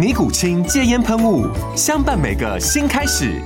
尼古清戒煙噴霧，相伴每個新開始。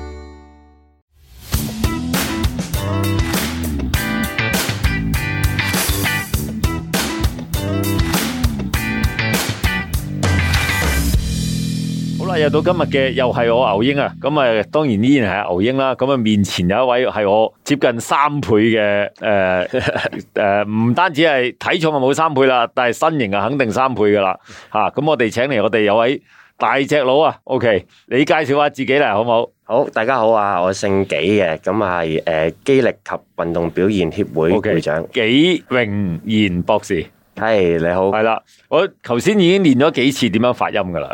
好啦，又到今日嘅，又係我牛英啊。咁、嗯、啊，當然依然係牛英啦、啊。咁、嗯、啊，面前有一位係我接近三倍嘅，誒、呃、誒，唔、 呃、單止係體重啊冇三倍啦，但係身形啊肯定三倍噶啦。吓、啊，咁、嗯嗯啊嗯、我哋請嚟我哋有位。大隻佬啊，OK，你介紹下自己啦，好唔好？好，大家好啊，我姓紀嘅，咁啊係誒，肌力及運動表現協會 OK, 會長紀榮賢博士。係、hey，你好，係啦，我頭先已經練咗幾次點樣發音噶啦。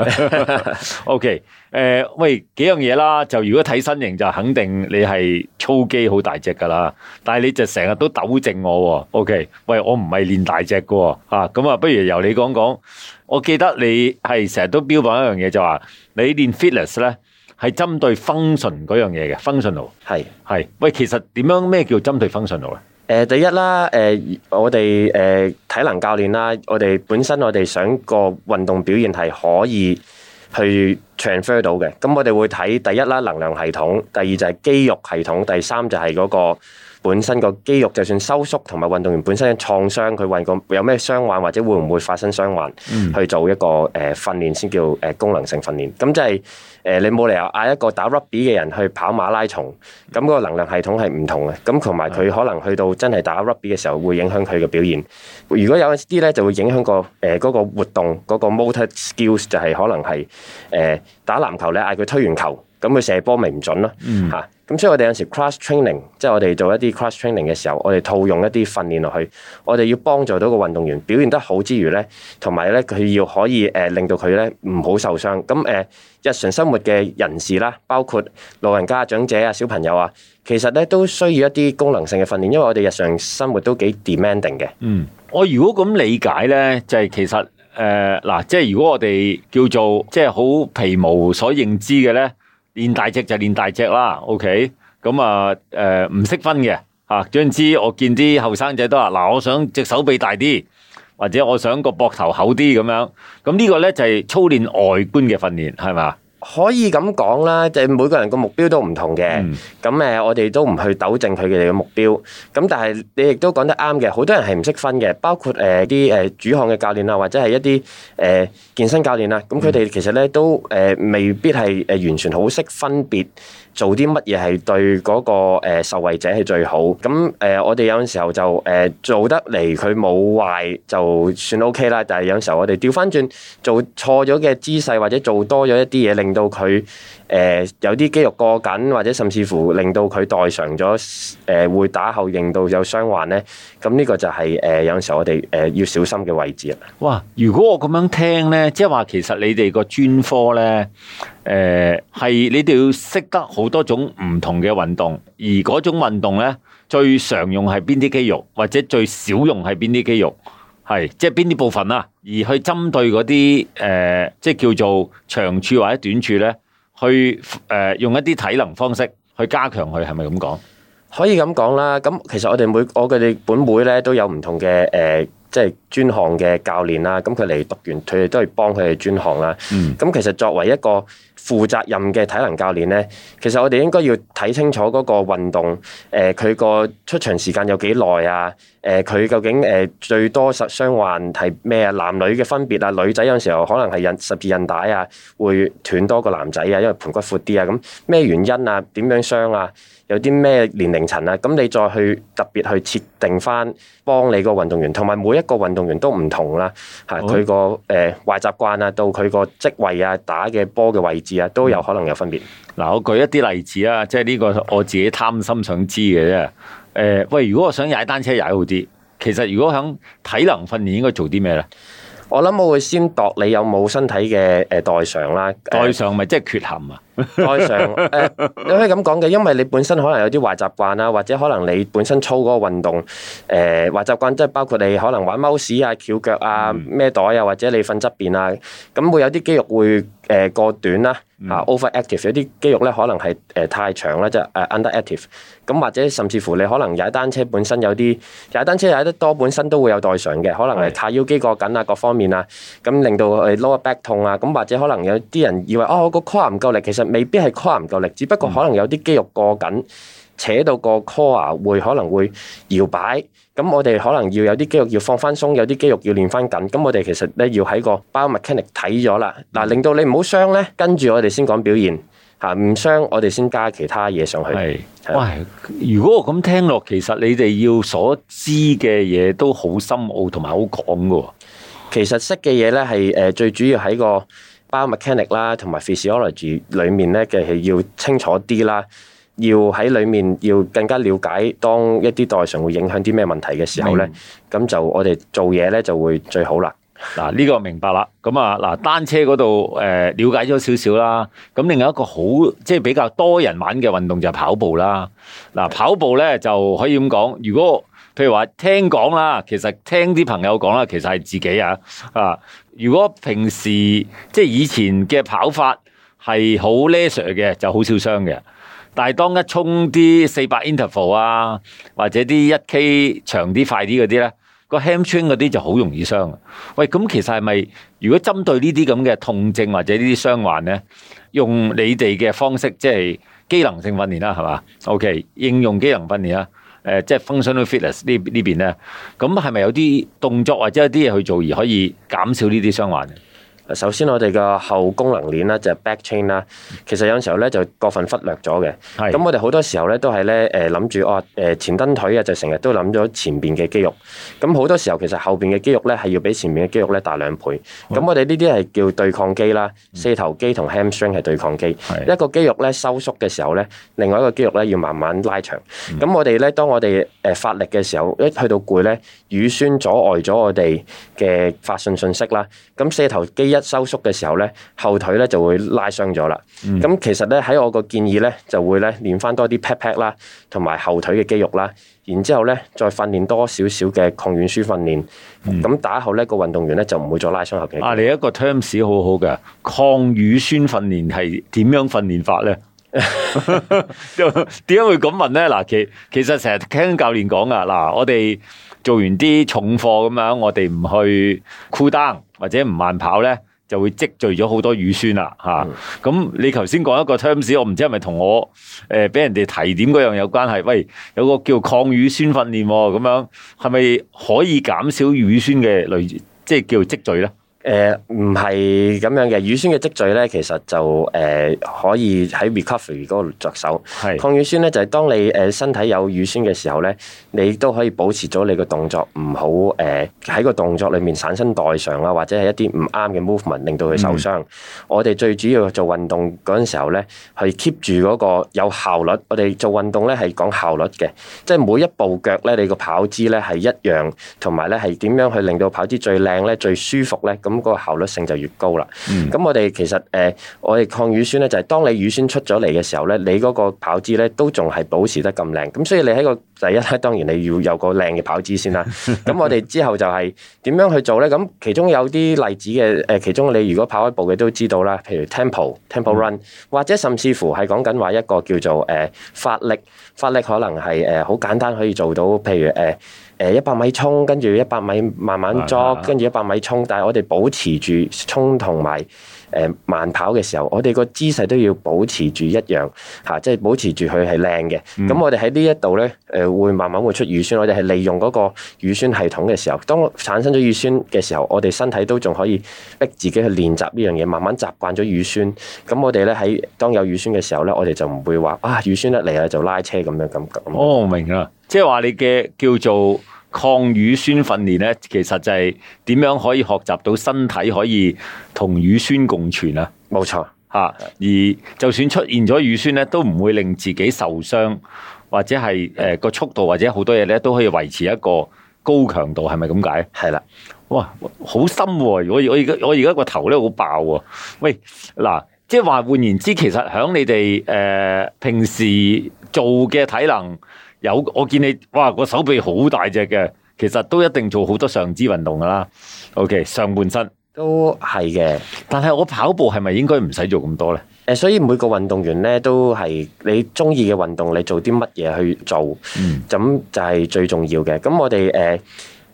OK，誒、呃，喂，幾樣嘢啦，就如果睇身形就肯定你係操肌好大隻噶啦，但係你就成日都糾正我，哦。OK，喂，我唔係練大隻噶吓，咁啊，不如由你講講。我記得你係成日都標榜一樣嘢，就話你練 fitness 咧係針對 function 嗰樣嘢嘅 functional。係係是，喂，其實點樣咩叫針對 functional 咧？誒第一啦，誒、呃、我哋誒、呃、體能教練啦，我哋本身我哋想個運動表現係可以去 transfer 到嘅，咁我哋會睇第一啦能量系統，第二就係肌肉系統，第三就係嗰、嗰個。本身個肌肉就算收縮同埋運動員本身嘅創傷，佢患個有咩傷患或者會唔會發生傷患，嗯、去做一個誒、呃、訓練先叫誒、呃、功能性訓練。咁即係誒你冇理由嗌一個打 rugby 嘅人去跑馬拉松，咁個能量系統係唔同嘅。咁同埋佢可能去到真係打 rugby 嘅時候，會影響佢嘅表現。的如果有啲咧，就會影響個誒嗰個活動嗰、嗰個 motor skills，就係可能係誒、呃、打籃球咧，你嗌佢推完球，咁佢射波咪唔準咯嚇。嗯。咁所以我哋有時 cross training，即係我哋做一啲 cross training 嘅時候，我哋套用一啲訓練落去，我哋要幫助到個運動員表現得好之餘咧，同埋咧佢要可以誒、呃、令到佢咧唔好受傷。咁誒、呃、日常生活嘅人士啦，包括老人家、長者啊、小朋友啊，其實咧都需要一啲功能性嘅訓練，因為我哋日常生活都幾 demanding 嘅。嗯，我如果咁理解咧，就係、是、其實誒嗱、呃，即係如果我哋叫做即係好皮毛所認知嘅咧。練大隻就練大隻啦，OK，咁啊，誒唔識分嘅吓，啊，總之我見啲後生仔都話，嗱，我想隻手臂大啲，或者我想個膊頭厚啲咁樣，咁呢個咧就係操練外觀嘅訓練，係咪？可以咁講啦，即係每個人個目標都唔同嘅，咁誒、嗯、我哋都唔去糾正佢哋嘅目標。咁但係你亦都講得啱嘅，好多人係唔識分嘅，包括誒啲誒主項嘅教練啊，或者係一啲誒健身教練啊。咁佢哋其實咧都誒未必係誒完全好識分別做啲乜嘢係對嗰個受惠者係最好。咁誒我哋有陣時候就誒做得嚟佢冇壞就算 O K 啦，但係有陣時候我哋調翻轉做錯咗嘅姿勢或者做多咗一啲嘢令令到佢誒、呃、有啲肌肉過緊，或者甚至乎令到佢代償咗，誒、呃、會打後令到有傷患咧。咁呢個就係、是、誒、呃、有陣時候我哋誒、呃、要小心嘅位置啦。哇！如果我咁樣聽咧，即係話其實你哋個專科咧，誒、呃、係你哋要識得好多種唔同嘅運動，而嗰種運動咧最常用係邊啲肌肉，或者最少用係邊啲肌肉？係，即係邊啲部分啊？而去針對嗰啲，誒、呃，即係叫做長處或者短處咧，去誒、呃、用一啲體能方式去加強佢，係咪咁講？可以咁講啦。咁其實我哋每我哋本會咧都有唔同嘅，誒、呃，即係專項嘅教練啦。咁佢嚟讀完，佢哋都係幫佢哋專項啦。嗯。咁其實作為一個。負責任嘅體能教練呢，其實我哋應該要睇清楚嗰個運動，佢、呃、個出場時間有幾耐啊？誒、呃、佢究竟誒、呃、最多實傷患係咩啊？男女嘅分別啊？女仔有陣時候可能係前十字韌帶啊，會斷多個男仔啊，因為盆骨闊啲啊，咁咩原因啊？點樣傷啊？有啲咩年齡層啊？咁你再去特別去設定返，幫你個運動員，同埋每一個運動員都唔同啦、啊，吓佢個誒壞習慣啊，到佢個職位啊，打嘅波嘅位置。都有可能有分別。嗱、嗯，我舉一啲例子啦，即係呢個我自己貪心想知嘅啫。誒、呃，喂，如果我想踩單車踩好啲，其實如果響體能訓練應該做啲咩咧？我諗我會先度你有冇身體嘅誒代償啦，代償咪即係缺陷啊？ 代償、呃、你可以咁講嘅，因為你本身可能有啲壞習慣啦，或者可能你本身操嗰個運動誒壞習慣，即、呃、係包括你可能玩 mouse 啊、翹腳啊、孭袋啊，或者你瞓側邊啊，咁會有啲肌肉會誒、呃、過短啦、啊。啊、uh、overactive 有啲肌肉咧可能係誒、呃、太長啦，即、就、誒、是、underactive，咁或者甚至乎你可能踩單車本身有啲踩單車踩得多本身都會有代償嘅，可能係大腰肌過緊啊各方面啊，咁令到誒 lower back 痛啊，咁或者可能有啲人以為哦我個 core 唔夠力，其實未必係 core 唔夠力，只不過可能有啲肌肉過緊。扯到個 core 會可能會搖擺，咁我哋可能要有啲肌肉要放翻鬆，有啲肌肉要練翻緊。咁我哋其實咧要喺個 bio-mechanic 睇咗啦，嗱令到你唔好傷咧，跟住我哋先講表現嚇，唔傷我哋先加其他嘢上去。係，喂，如果我咁聽落，其實你哋要所知嘅嘢都好深奧同埋好廣嘅喎。其實識嘅嘢咧係誒最主要喺個 bio-mechanic 啦，同埋 physiology 裡面咧嘅係要清楚啲啦。要喺裏面要更加了解，當一啲代償會影響啲咩問題嘅時候咧，咁明白就我哋做嘢咧就會最好啦。嗱，呢個明白啦。咁啊，嗱，單車嗰度誒了解咗少少啦。咁另外一個好即係比較多人玩嘅運動就係跑步啦。嗱、嗯，跑步咧就可以咁講。如果譬如話聽講啦，其實聽啲朋友講啦，其實係自己啊啊。如果平時即係以前嘅跑法係好 leisure 嘅，就好少傷嘅。但係當一衝啲四百 interval 啊，或者啲一 K 長啲快啲嗰啲咧，個 hamstring 嗰啲就好容易傷。喂，咁其實係咪如果針對呢啲咁嘅痛症或者呢啲傷患咧，用你哋嘅方式即係機能性訓練啦，係嘛？OK，應用機能訓練啊，誒、呃，即係 functional fitness 邊呢呢邊咧，咁係咪有啲動作或者有啲嘢去做而可以減少呢啲傷患？首先我哋嘅後功能鏈咧就係 back chain 啦，其實有時候咧就過分忽略咗嘅。咁是的 我哋好多時候咧都係咧誒諗住哦誒前蹬腿啊，就成日都諗咗前邊嘅肌肉。咁好多時候其實後邊嘅肌肉咧係要比前面嘅肌肉咧大兩倍。咁我哋呢啲係叫對抗肌啦，嗯、四頭肌同 hamstring 係對抗肌。是的 一個肌肉咧收縮嘅時候咧，另外一個肌肉咧要慢慢拉長，咁、嗯、我哋咧當我哋誒發力嘅時候，一去到攰咧，乳酸阻礙咗我哋嘅發信信息啦。咁四頭肌一收縮嘅時候咧，後腿咧就會拉傷咗啦。咁、嗯、其實咧喺我個建議咧，就會咧練翻多啲 pat pat 啦，同埋後腿嘅肌肉啦。然之後咧，再訓練多少少嘅抗乳酸訓練。咁打後咧，個運動員咧就唔會再拉傷後腿。啊，你一個 terms 好好嘅抗乳酸訓練係點樣訓練法咧？點解 會咁問咧？嗱，其其實成日聽教練講啊，嗱，我哋做完啲重貨咁樣，我哋唔去 cooldown 或者唔慢跑咧？就會積聚咗好多乳酸啦，嚇、嗯！咁、啊、你頭先講一個 terms，我唔知係咪同我誒俾、呃、人哋提點嗰樣有關係？喂，有個叫抗乳酸訓練咁樣，係咪可以減少乳酸嘅累，即係叫積聚咧？誒，唔係咁樣嘅，乳酸嘅積聚咧，其實就誒、呃、可以喺 recovery 嗰個着手。是抗乳酸咧，就係、是、當你誒身體有乳酸嘅時候咧，你都可以保持咗你個動作唔好誒喺、呃、個動作裏面產生代償啦，或者係一啲唔啱嘅 movement 令到佢受傷。嗯、哼我哋最主要做運動嗰陣時候咧，去 keep 住嗰個有效率。我哋做運動咧係講效率嘅，即係每一步腳咧，你個跑姿咧係一樣，同埋咧係點樣去令到跑姿最靚咧、最舒服咧咁個效率性就越高啦。咁、嗯、我哋其實誒、呃，我哋抗乳酸咧，就係、是、當你乳酸出咗嚟嘅時候咧，你嗰個跑姿咧都仲係保持得咁靚。咁所以你喺個第一咧，當然你要有個靚嘅跑姿先啦。咁 我哋之後就係點樣去做咧？咁其中有啲例子嘅誒、呃，其中你如果跑一步嘅都知道啦，譬如 tempo、嗯、tempo run，或者甚至乎係講緊話一個叫做誒發、呃、力，發力可能係誒好簡單可以做到，譬如誒。呃誒一百米衝，跟住一百米慢慢捉，跟住一百米衝。但係我哋保持住衝同埋誒慢跑嘅時候，我哋個姿勢都要保持住一樣嚇，即係保持住佢係靚嘅。咁、嗯、我哋喺呢一度咧，誒會慢慢會出乳酸，我哋係利用嗰個乳酸系統嘅時候，當產生咗乳酸嘅時候，我哋身體都仲可以逼自己去練習呢樣嘢，慢慢習慣咗乳酸。咁我哋咧喺當有乳酸嘅時候咧，我哋就唔會話啊乳酸一嚟啊就拉車咁樣感覺。哦，明啦。即係話你嘅叫做抗乳酸訓練咧，其實就係點樣可以學習到身體可以同乳酸共存啦。冇錯，吓，而就算出現咗乳酸咧，都唔會令自己受傷，或者係誒個速度或者好多嘢咧，都可以維持一個高強度，係咪咁解？係啦，哇，好深喎！我我而家我而家個頭咧好爆喎。喂，嗱，即係話換言之，其實響你哋誒平時做嘅體能。有我見你，哇，個手臂好大隻嘅，其實都一定做好多上肢運動㗎啦。OK，上半身都係嘅，但係我跑步係咪應該唔使做咁多呢？誒、呃，所以每個運動員呢，都係你中意嘅運動，你做啲乜嘢去做，咁、嗯、就係最重要嘅。咁我哋誒。呃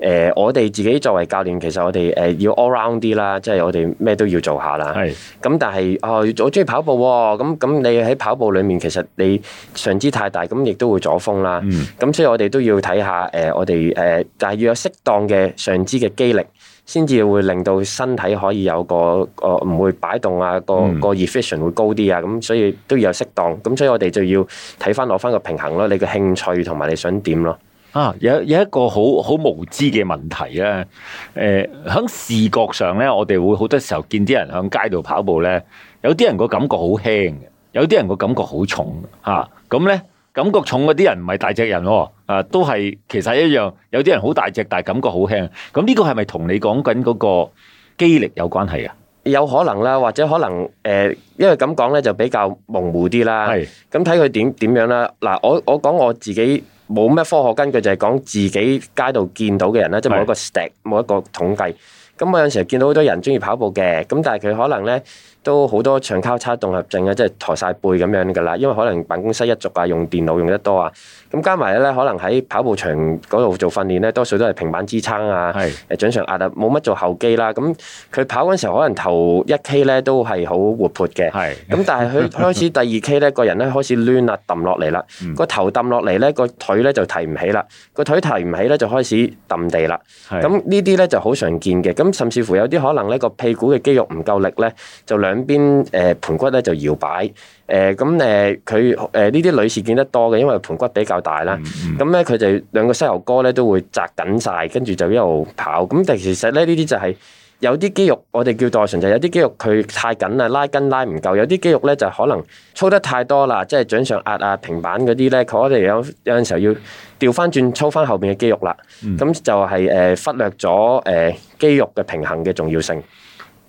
誒、呃，我哋自己作為教練，其實我哋誒要 all round 啲啦，即係我哋咩都要做下啦。係是。咁但係啊、哦，我中意跑步喎、哦。咁咁，你喺跑步裏面，其實你上肢太大，咁亦都會阻風啦。咁、嗯、所以我哋都要睇下誒、呃，我哋誒、呃，但係要有適當嘅上肢嘅肌力，先至會令到身體可以有個個唔、呃、會擺動啊，個個 efficiency 會高啲啊。咁所以都要有適當。咁所以我哋就要睇翻攞翻個平衡咯，你嘅興趣同埋你想點咯。啊，有有一個好好無知嘅問題咧。誒、呃，喺視覺上咧，我哋會好多時候見啲人喺街度跑步咧。有啲人個感覺好輕嘅，有啲人個感覺好重嚇。咁、啊、咧，感覺重嗰啲人唔係大隻人喎、哦。啊，都係其實一樣。有啲人好大隻，但係感覺好輕。咁、啊、呢個係咪同你講緊嗰個肌力有關係啊？有可能啦，或者可能誒、呃，因為咁講咧就比較模糊啲啦。係是。咁睇佢點點樣啦？嗱，我我講我自己。冇咩科學根據，就係、是、講自己街度見到嘅人啦，是的 即係冇一個 stat，冇一個統計。咁是的、嗯、我有時候見到好多人中意跑步嘅，咁但係佢可能呢。都好多長交叉綜合症啊，即係抬晒背咁樣噶啦，因為可能辦公室一族啊，用電腦用得多啊，咁加埋咧，可能喺跑步場嗰度做訓練咧，多數都係平板支撐啊，誒是，掌上壓啊，冇乜做後肌啦。咁佢跑嗰陣時候，可能頭一 K 咧都係好活潑嘅，咁是 但係佢開始第二 K 咧，個人咧開始攣啦，揼落嚟啦，個、嗯、頭揼落嚟咧，個腿咧就提唔起啦，個腿提唔起咧就開始揼地啦。咁是呢啲咧就好常見嘅，咁甚至乎有啲可能呢個屁股嘅肌肉唔夠力咧，就兩兩邊誒，盆骨咧就搖擺，誒咁誒，佢誒呢啲女士見得多嘅，因為盆骨比較大啦，咁咧佢哋兩個膝頭哥咧都會扎緊晒，跟住就一路跑。咁、嗯、但、嗯、其實咧呢啲就係有啲肌肉，我哋叫代償，就是、有啲肌肉佢太緊啦，拉筋拉唔夠，有啲肌肉咧就可能操得太多啦，即係掌上壓啊、平板嗰啲咧，佢哋有有陣時候要調翻轉操翻後邊嘅肌肉啦，咁、嗯嗯嗯、就係、是、誒忽略咗誒、uh, 肌肉嘅平衡嘅重要性。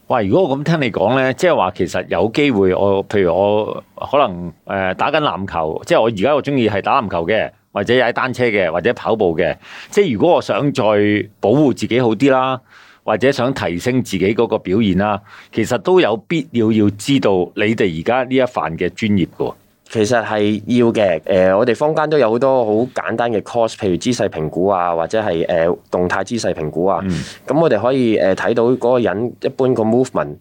哇！如果我咁聽你講咧，即係話其實有機會我，我譬如我可能誒、呃、打緊籃球，即係我而家我中意係打籃球嘅，或者踩單車嘅，或者跑步嘅。即係如果我想再保護自己好啲啦，或者想提升自己嗰個表現啦，其實都有必要要知道你哋而家呢一範嘅專業噶。其實係要嘅，誒、呃，我哋坊間都有好多好簡單嘅 course，譬如姿勢評估啊，或者係誒、呃、動態姿勢評估啊，咁、嗯、我哋可以誒睇、呃、到嗰個人一般個 movement。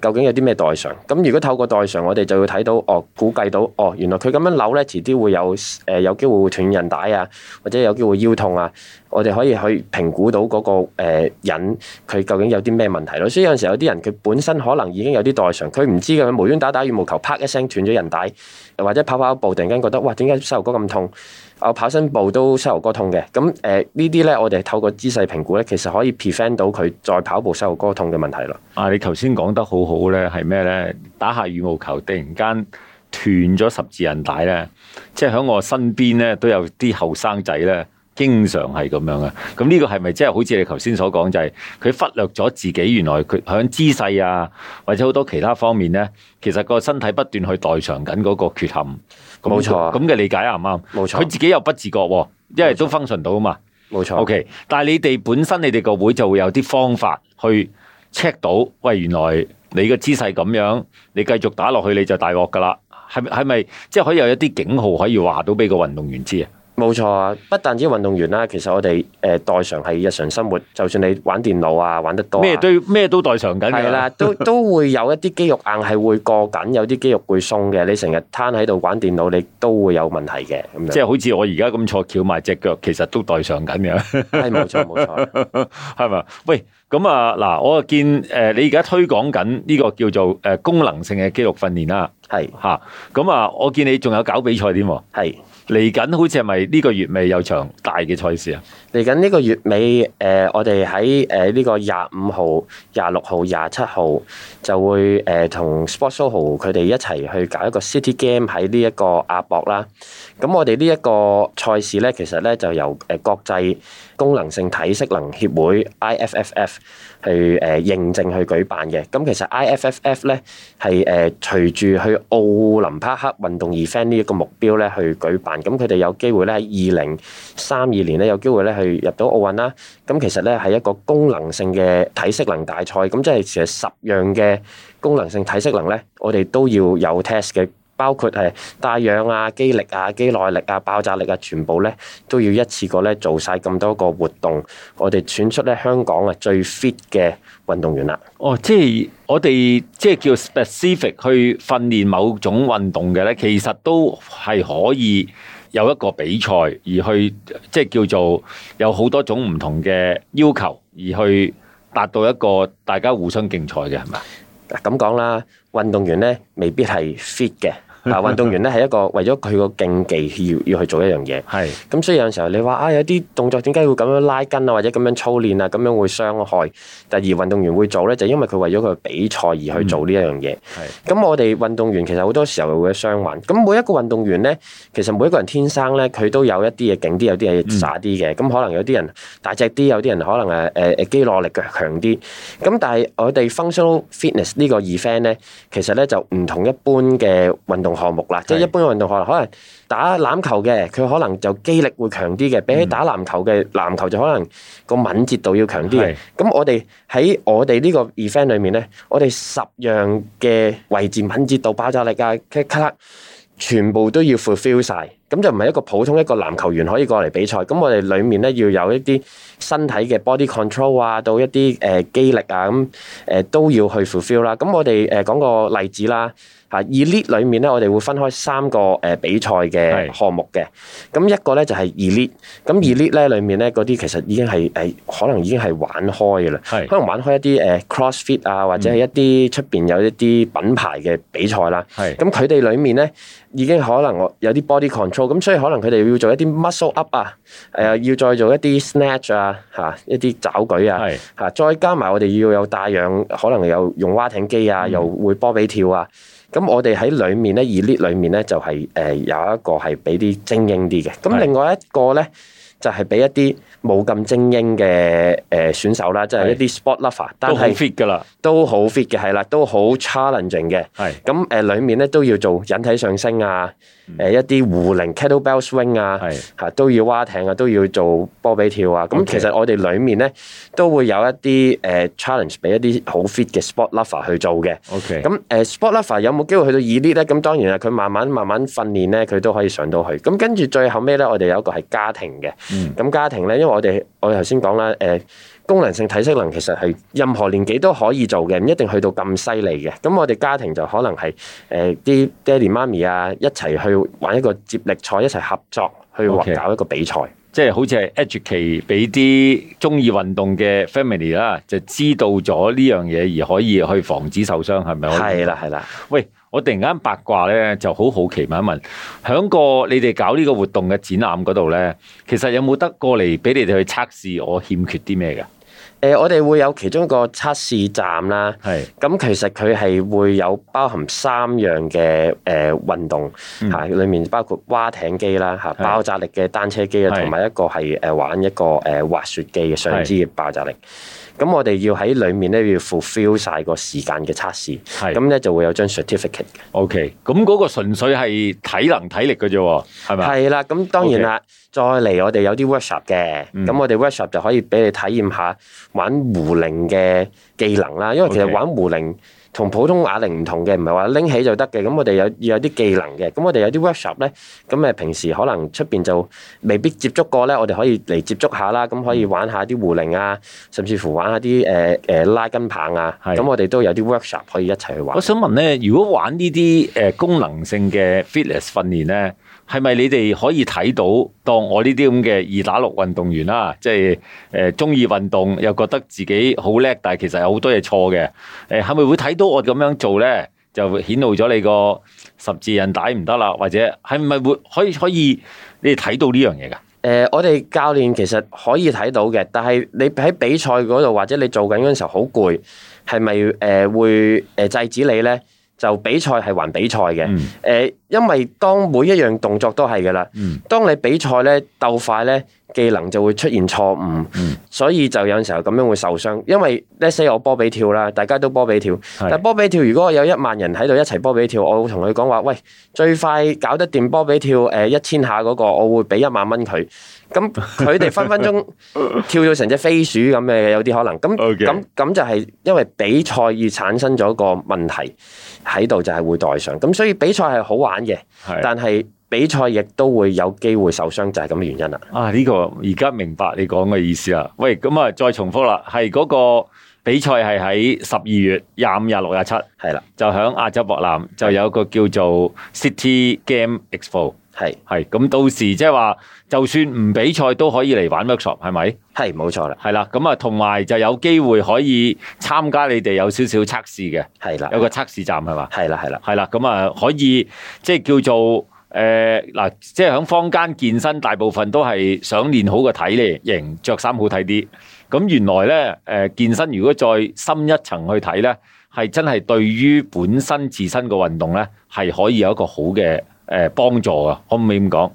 究竟有啲咩代償？咁如果透過代償，我哋就會睇到哦，估計到哦，原來佢咁樣扭呢，遲啲會有誒、呃、有機會會斷韌帶啊，或者有機會腰痛啊，我哋可以去評估到嗰個、那個、呃、人佢究竟有啲咩問題咯、啊。所以有陣時有啲人佢本身可能已經有啲代償，佢唔知嘅，無端打打羽毛球，啪一聲斷咗韌帶，或者跑跑步突然間覺得哇，點解膝頭哥咁痛？我跑身步都膝頭哥痛嘅，咁誒呢啲呢，我哋透過姿勢評估呢，其實可以 prevent 到佢再跑步膝頭哥痛嘅問題啦。啊，你頭先講得好好呢，係咩呢？打下羽毛球突然間斷咗十字韌帶呢，即係喺我身邊呢都有啲後生仔呢，經常係咁樣嘅。咁呢個係咪即係好似你頭先所講，就係佢忽略咗自己原來佢響姿勢啊，或者好多其他方面呢，其實個身體不斷去代償緊嗰個缺陷。冇錯，咁嘅理解啱唔啱？冇錯，佢自己又不自覺，因為都 function 到啊嘛。冇錯。OK，但係你哋本身你哋個會就會有啲方法去 check 到，喂，原來你個姿勢咁樣，你繼續打落去你就大鑊噶啦。係係咪即係可以有一啲警號可以話到俾個運動員知啊？冇錯啊！不但止運動員啦，其實我哋誒，代償係日常生活，就算你玩電腦啊玩得多，咩都咩都代償緊嘅，係啦，都都會有一啲肌肉硬係會過緊，有啲肌肉會鬆嘅。你成日攤喺度玩電腦，你都會有問題嘅。咁即係好似我而家咁坐翹埋隻腳，其實都代償緊嘅。係冇錯冇錯，係咪？喂，咁啊嗱，我見誒，你而家推廣緊呢個叫做誒功能性嘅肌肉訓練啦。係吓，咁是啊，我見你仲有搞比賽添，係嚟緊好似係咪呢個月尾有場大嘅賽事啊？嚟緊呢個月尾，誒、呃，我哋喺誒呢個廿五號、廿六號、廿七號就會誒同、呃、Sportsoho 佢哋一齊去搞一個 City Game 喺呢一個亞博啦。咁我哋呢一個賽事咧，其實咧就由誒國際功能性體適能協會 IFFF 去誒、呃、認證去舉辦嘅。咁其實 IFFF 咧係誒隨住去奧林匹克運動 event 呢一個目標咧去舉辦。咁佢哋有機會咧喺二零三二年咧有機會咧去入到奧運啦。咁其實咧係一個功能性嘅體適能大賽。咁即係其實十樣嘅功能性體適能咧，我哋都要有 test 嘅。包括係帶氧啊、肌力啊、肌耐力啊、爆炸力啊，全部咧都要一次過咧做晒咁多個活動。我哋選出咧香港啊最 fit 嘅運動員啦。哦，即係我哋即係叫 specific 去訓練某種運動嘅咧，其實都係可以有一個比賽而去，即係叫做有好多種唔同嘅要求，而去達到一個大家互相競賽嘅係咪？嗱，咁講啦，運動員咧未必係 fit 嘅。嗱，運動員咧係一個為咗佢個競技要要去做一樣嘢，係是。咁所以有陣時候你話啊，有啲動作點解會咁樣拉筋啊，或者咁樣操練啊，咁樣會傷害，第二，運動員會做咧就是、因為佢為咗佢比賽而去做呢一、嗯、樣嘢，係是。咁我哋運動員其實好多時候會傷患，咁每一個運動員咧，其實每一個人天生咧佢都有一啲嘢勁啲，有啲嘢耍啲嘅，咁、嗯、可能有啲人大隻啲，有啲人可能誒誒誒肌耐力強啲，咁但係我哋 functional fitness 個呢個 event 咧，其實咧就唔同一般嘅運動。項目啦，即係一般嘅運動項目，可能打籃球嘅，佢可能就肌力會強啲嘅，比起打籃球嘅籃球就可能個敏捷度要強啲。咁、嗯、我哋喺我哋呢個 event 裏面呢，我哋十樣嘅位置敏捷度、爆炸力啊，佢全部都要 fulfill 晒，咁就唔係一個普通一個籃球員可以過嚟比賽。咁我哋裏面呢，要有一啲。身體嘅 body control 啊，到一啲誒肌力啊，咁誒都要去 fulfill 啦。咁我哋誒講個例子啦，吓的 elite 裏面咧，我哋會分開三個誒比賽嘅項目嘅。咁的一個咧就係 elite，咁 elite 咧裏面咧嗰啲其實已經係誒可能已經係玩開噶啦，的可能玩開一啲誒 crossfit 啊，或者係一啲出邊有一啲品牌嘅比賽啦。咁佢哋裏面咧已經可能有啲 body control，咁所以可能佢哋要做一啲 muscle up 啊，誒要再做一啲 snatch 啊。吓、啊，一啲抓舉啊，吓是再加埋我哋要有帶氧，可能有用蛙艇機啊，嗯、又會波比跳啊，咁我哋喺裏面咧，二、嗯、Elite 裏面咧就係、是、誒有一個係俾啲精英啲嘅，咁是另外一個咧就係、是、俾一啲。冇咁精英嘅誒選手啦，即係一啲 sport lover，的都好 fit 㗎啦，的了都好 fit 嘅，係啦的，都好 challenging 嘅。係，咁誒裏面咧都要做引體上升啊，誒、嗯呃、一啲壺鈴 kettlebell swing 啊，係吓的都要蛙艇啊，都要做波比跳啊。咁 Okay. 其實我哋裏面咧都會有一啲誒 challenge 俾一啲好 fit 嘅 sport lover 去做嘅。OK，咁誒、呃、sport lover 有冇機會去到 elite 咧？咁當然啊，佢慢慢慢慢訓練咧，佢都可以上到去。咁跟住最後尾咧，我哋有一個係家庭嘅。嗯，咁家庭咧，因為，因為我哋我頭先講啦，誒、呃、功能性體適能其實係任何年紀都可以做嘅，唔一定去到咁犀利嘅。咁我哋家庭就可能係誒啲爹哋媽咪啊一齊去玩一個接力賽，一齊合作去搞一個比賽，Okay. 即係好似係 educate 俾啲中意運動嘅 family 啦，就知道咗呢樣嘢而可以去防止受傷，係咪可以？係啦係啦，喂。我突然間八卦咧，就好好奇問一問，喺個你哋搞呢個活動嘅展覽嗰度咧，其實有冇得過嚟俾你哋去測試我欠缺啲咩嘅？誒、呃，我哋會有其中一個測試站啦。係是。咁其實佢係會有包含三樣嘅誒、呃、運動嚇，嗯、裡面包括蛙艇機啦嚇，爆炸力嘅單車機啊，同埋是一個係誒玩一個誒、呃、滑雪機嘅上肢嘅爆炸力。咁我哋要喺裏面咧要 fulfill 晒個時間嘅測試，咁咧的就會有張 certificate 嘅。OK，咁嗰個純粹係體能體力嘅啫，係咪？係啦，咁當然啦，Okay. 再嚟我哋有啲 workshop 嘅，咁、嗯、我哋 workshop 就可以俾你體驗下玩壺鈴嘅技能啦。因為其實玩壺鈴。Okay. 同普通啞鈴唔同嘅，唔係話拎起就得嘅。咁我哋有要有啲技能嘅。咁我哋有啲 workshop 咧，咁誒平時可能出邊就未必接觸過咧，我哋可以嚟接觸下啦。咁可以玩一下啲壺鈴啊，甚至乎玩下啲誒誒拉筋棒啊。咁是我哋都有啲 workshop 可以一齊去玩。我想問咧，如果玩呢啲誒功能性嘅 fitness 訓練咧？係咪你哋可以睇到？當我呢啲咁嘅二打六運動員啦，即係誒，呃、中意運動又覺得自己好叻，但係其實有好多嘢錯嘅。誒、呃，係咪會睇到我咁樣做咧？就顯露咗你個十字韌帶唔得啦，或者係咪會可以可以？可以你哋睇到呢樣嘢噶？誒、呃，我哋教練其實可以睇到嘅，但係你喺比賽嗰度或者你做緊嗰陣時候好攰，係咪誒會誒制止你咧？就比賽係還比賽嘅，誒，嗯、因為當每一樣動作都係嘅啦，嗯、當你比賽咧鬥快咧，技能就會出現錯誤，嗯、所以就有時候咁樣會受傷。因為 let's say 我波比跳啦，大家都波比跳，是的 但波比跳如果我有一萬人喺度一齊波比跳，我會同佢講話，喂，最快搞得掂波比跳誒一千下嗰個，我會俾一萬蚊佢。咁佢哋分分鐘跳到成隻飛鼠咁嘅，有啲可能。咁咁咁就係因為比賽而產生咗個問題喺度，就係會代償。咁所以比賽係好玩嘅，的但係比賽亦都會有機會受傷，就係咁嘅原因啦。啊，呢個而家明白你講嘅意思啦。喂，咁啊，再重複啦，係嗰個比賽係喺十二月廿五、廿六、廿七的，係啦，就響亞洲博覽，就有一個叫做 City Game Expo。係係咁，到時即係話，就算唔比賽都可以嚟玩 workshop，係咪？係，冇錯啦，係啦。咁啊，同埋就有機會可以參加你哋有少少測試嘅，係啦的，有個測試站係嘛，係啦係啦係啦。咁啊，可以即係叫做誒嗱、呃，即係響坊間健身，大部分都係想練好個體嚟型，着衫好睇啲。咁原來咧誒、呃，健身如果再深一層去睇咧，係真係對於本身自身個運動咧，係可以有一個好嘅。誒，幫助啊，可唔可以咁講？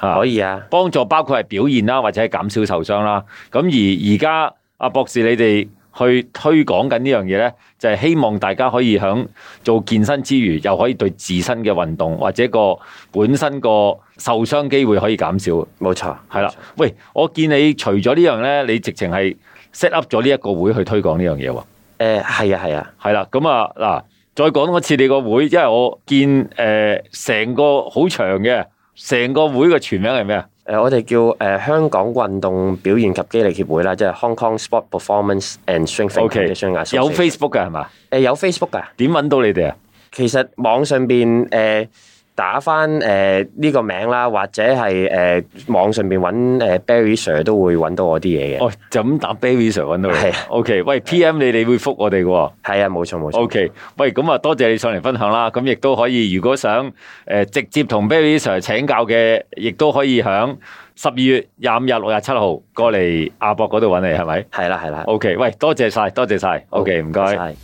嚇，可以啊。幫助包括係表現啦，或者係減少受傷啦。咁而而家阿博士，你哋去推廣緊呢樣嘢咧，就係、是、希望大家可以喺做健身之餘，又可以對自身嘅運動或者個本身個受傷機會可以減少。冇錯，係啦的。喂，我見你除咗呢樣咧，你直情係 set up 咗呢一個會去推廣呢樣嘢喎。誒、呃，係啊，係啊，係啦。咁、嗯、啊，嗱。再講多次你個會，因為我見誒成、呃、個好長嘅，成個會嘅全名係咩啊？誒、呃，我哋叫誒、呃、香港運動表現及肌力協會啦，即係 Hong Kong Sport Performance and, and Strength and Conditioning Association 啊。有 Facebook 噶係嘛？誒有 Facebook 噶，點揾到你哋啊？其實網上邊誒。呃打翻誒呢個名啦，或者係誒、呃、網上邊揾 Barry Sir 都會揾到我啲嘢嘅。哦，就咁打 Barry Sir 揾到你。係，OK 喂，PM 你哋會覆我哋嘅喎。係啊，冇錯冇錯。錯 OK。喂，咁啊，多謝你上嚟分享啦。咁亦都可以，如果想誒、呃、直接同 Barry Sir 請教嘅，亦都可以喺十二月廿五日、六廿七號過嚟亞博嗰度揾你，係咪的？係啦係啦。的的 OK。喂，多謝晒，多謝晒。OK，唔該。謝